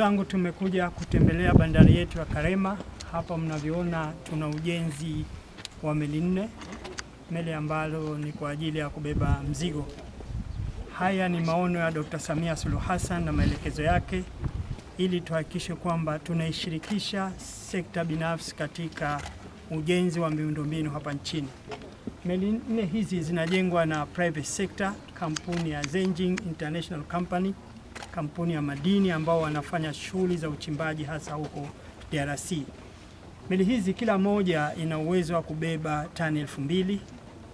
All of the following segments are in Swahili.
zangu, tumekuja kutembelea bandari yetu ya Karema. Hapa mnavyoona tuna ujenzi wa meli nne, meli ambalo ni kwa ajili ya kubeba mzigo. Haya ni maono ya Dr. Samia Suluhu Hassan na maelekezo yake ili tuhakikishe kwamba tunaishirikisha sekta binafsi katika ujenzi wa miundombinu hapa nchini. Meli nne hizi zinajengwa na private sector, kampuni ya Zenjing International Company kampuni ya madini ambao wanafanya shughuli za uchimbaji hasa huko DRC. Meli hizi kila moja ina uwezo wa kubeba tani elfu mbili.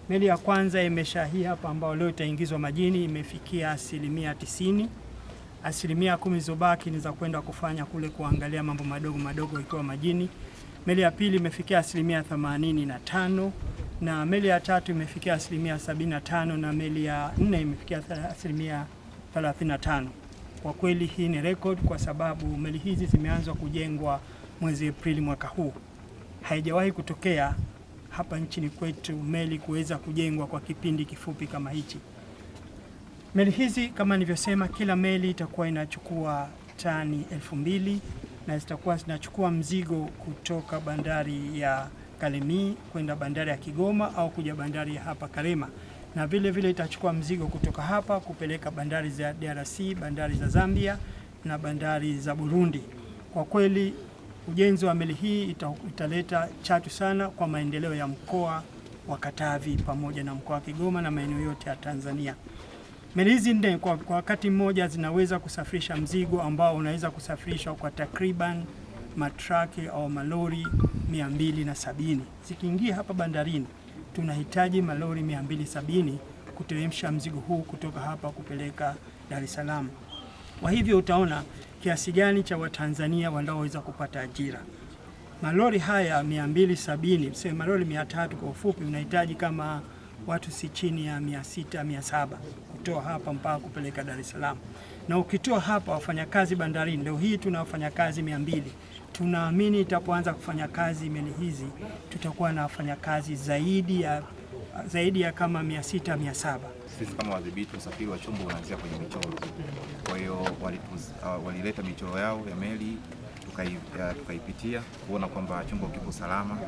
Meli ya kwanza imesha hii hapa ambao leo itaingizwa majini imefikia asilimia tisini. Asilimia kumi zobaki ni za kwenda kufanya kule kuangalia mambo madogo madogo ikiwa majini. Meli ya pili imefikia asilimia themanini na tano na meli ya tatu imefikia asilimia sabini na tano na meli ya nne imefikia asilimia thelathini na tano. Kwa kweli hii ni record kwa sababu meli hizi zimeanza kujengwa mwezi Aprili mwaka huu. Haijawahi kutokea hapa nchini kwetu meli kuweza kujengwa kwa kipindi kifupi kama hichi. Meli hizi kama nilivyosema, kila meli itakuwa inachukua tani elfu mbili na zitakuwa zinachukua mzigo kutoka bandari ya Kalemie kwenda bandari ya Kigoma au kuja bandari ya hapa Karema na vile vile itachukua mzigo kutoka hapa kupeleka bandari za DRC, bandari za Zambia na bandari za Burundi. Kwa kweli ujenzi wa meli hii ita, italeta chatu sana kwa maendeleo ya mkoa wa Katavi pamoja na mkoa wa Kigoma na maeneo yote ya Tanzania. Meli hizi nne kwa wakati mmoja zinaweza kusafirisha mzigo ambao unaweza kusafirishwa kwa takriban matraki au malori 270 zikiingia hapa bandarini tunahitaji malori 270 kuteremsha mzigo huu kutoka hapa kupeleka Dar es Salaam. Kwa hivyo utaona kiasi gani cha Watanzania wanaoweza kupata ajira. Malori haya 270, tuseme malori 300 kwa ufupi, unahitaji kama watu si chini ya 600, 700 kutoa hapa mpaka kupeleka Dar es Salaam, na ukitoa hapa wafanyakazi bandarini, leo hii tuna wafanyakazi mia mbili. Tunaamini itapoanza kufanya kazi meli hizi tutakuwa na wafanyakazi zaidi ya zaidi ya kama mia sita mia saba. Sisi kama wadhibiti usafiri wa chombo unaanzia kwenye michoro, kwa hiyo uh, walileta michoro yao ya meli uh, tukaipitia tuka kuona kwamba chombo kipo salama,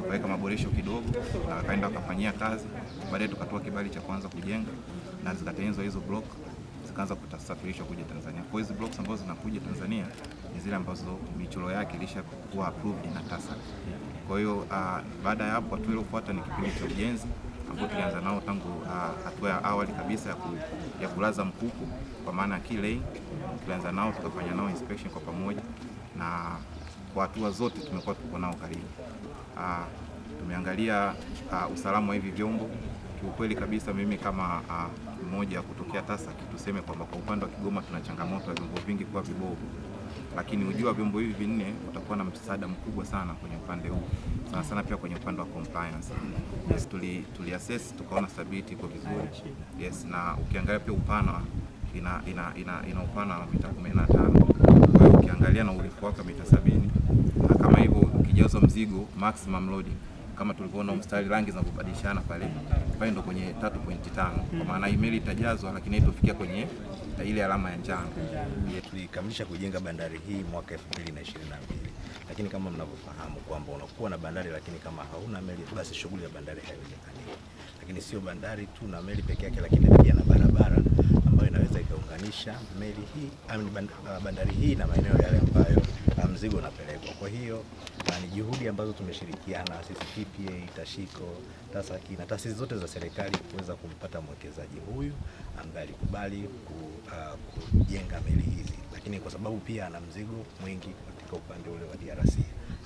tukaweka maboresho kidogo na wakaenda wakafanyia kazi. Baadaye tukatoa kibali cha kuanza kujenga na zikatengenezwa hizo block zikaanza kusafirishwa kuja Tanzania. Kwa hizo blocks ambazo zinakuja Tanzania ni zile ambazo michoro yake ilishakuwa approved na TASA. Kwa hiyo uh, baada ya hapo hatua iliyofuata ni kipindi cha ujenzi ambao tulianza nao tangu uh, hatua ya awali kabisa ya, ku, ya kulaza mkuku kwa maana ya kilei. Tulianza nao tukafanya nao inspection kwa pamoja, na kwa hatua zote tumekuwa tuko nao karibu. Uh, tumeangalia uh, usalama wa hivi vyombo Kiukweli kabisa mimi kama ah, mmoja uh, kutokea TASAC tuseme kwamba kwa upande wa Kigoma tuna changamoto ya vyombo vingi kuwa vibovu, lakini ujua vyombo hivi vinne utakuwa na msaada mkubwa sana kwenye upande huu, sana sana pia kwenye upande wa compliance. Yes, tuli, tuli assess tukaona stability iko vizuri. Yes, na ukiangalia pia upana ina, ina, ina, ina upana wa mita 15 kwa hiyo ukiangalia na urefu wake mita 70 na kama hivyo ukijaza mzigo maximum loading kama tulivyoona mstari rangi kubadilishana pale pale, ndo kwenye 3.5 kwa mm. maana email itajazwa, lakini haitofikia kwenye ile alama ya njano. Tulikamilisha kujenga bandari hii mwaka 2022 lakini kama mnavyofahamu kwamba unakuwa na bandari lakini kama hauna meli basi shughuli ya bandari haiwezekani. Lakini sio bandari tu na meli peke yake, lakini pia na barabara ambayo inaweza ikaunganisha meli hii bandari hii na maeneo yale ambayo uh, mzigo unapelekwa. Kwa hiyo na ni juhudi ambazo tumeshirikiana sisi TPA, Tashiko, TASAKI na taasisi zote za serikali kuweza kumpata mwekezaji huyu ambaye alikubali uh, kujenga uh, meli hizi, lakini kwa sababu pia ana mzigo mwingi katika upande ule wa DRC,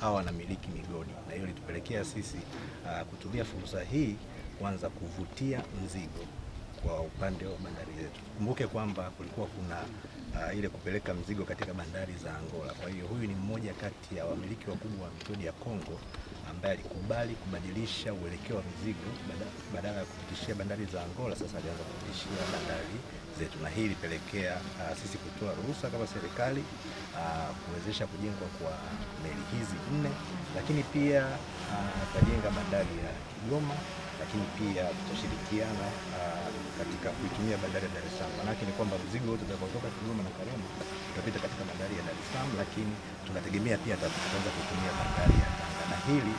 hawa wanamiliki migodi, na hiyo litupelekea sisi uh, kutumia fursa hii kwanza kuvutia mzigo kwa upande wa bandari yetu Kumbuke kwamba kulikuwa kuna uh, ile kupeleka mzigo katika bandari za Angola, kwa hiyo huyu ni mmoja kati ya wamiliki wakubwa wa migodi ya Kongo ambaye alikubali kubadilisha uelekeo wa mizigo badala ya kupitishia bandari za Angola, sasa alianza kupitishia bandari zetu, na hii ilipelekea uh, sisi kutoa ruhusa kama serikali uh, kuwezesha kujengwa kwa meli hizi nne, lakini pia uh, bandari ya Kigoma, lakini pia tutashirikiana uh, katika kuitumia bandari ya Dar es Salaam. Maana ni kwamba mzigo wote utakaotoka Kigoma na Karema utapita katika bandari ya Dar es Salaam, lakini tunategemea pia tutaanza kutumia bandari ya Tanga, na hili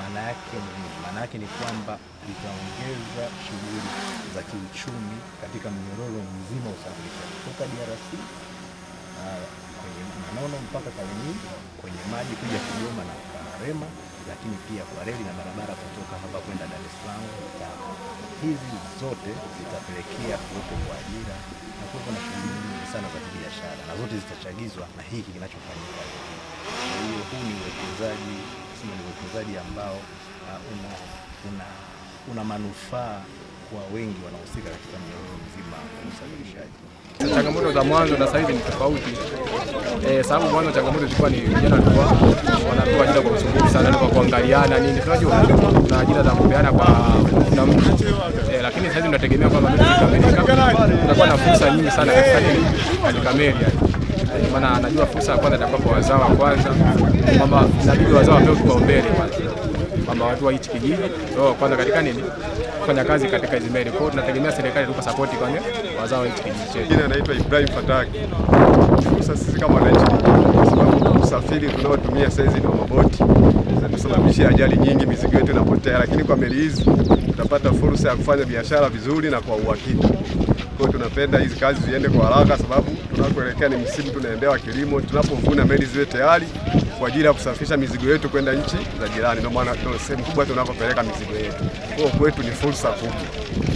maana yake ni maana yake ni kwamba litaongeza shughuli za kiuchumi katika mnyororo mzima wa usafirishaji kutoka DRC ah, kwenye Manono mpaka Kalemi kwenye maji kuja Kigoma na Karema, lakini pia kwa reli na barabara kutoka hapa kwenda Dar es Salaam hizi zote zitapelekea kuwepo kwa ajira na kuwepo na shughuli nyingi sana za kibiashara, na zote zitachagizwa na hiki kinachofanyika. Kwa hiyo huu ni uwekezaji, sio ni uwekezaji ambao uh, una, una, una manufaa kwa wengi wanaohusika katika mnyororo mzima wa usafirishaji. Changamoto za mwanzo na sasa hivi ni tofauti eh, sababu mwanzo changamoto zilikuwa ni vijana tu kuangaliana nini, tunajua na ajira za kupeana kwa muda mtu eh, lakini sasa tunategemea kwamba tutakuwa na fursa nyingi sana katika meli eh, maana anajua fursa ya kwanza itakuwa kwa wazao wa kwanza, kwamba inabidi wazawa wapewe kipaumbele kwanza kwamba watu wa hichi kijiji wao kwanza katika nini kufanya kazi katika hizi meli. Kwa hiyo tunategemea serikali tupa support kwa wazao wa hichi kijiji chetu. Jina anaitwa Ibrahim Fataki. Sasa sisi kama wananchi, sababu usafiri tunaotumia sasa ni maboti, zinatusababishia ajali nyingi, mizigo yetu inapotea, lakini kwa meli hizi tutapata fursa ya kufanya biashara vizuri na kwa uhakika. Kwa hiyo tunapenda hizi kazi ziende kwa haraka, sababu tunakoelekea ni msimu tunaendewa kilimo. Tunapovuna meli ziwe tayari kwa ajili ya kusafirisha mizigo yetu kwenda nchi za jirani, ndio maana sehemu kubwa tunakopeleka mizigo yetu. Kwa hiyo kwetu ni fursa kubwa.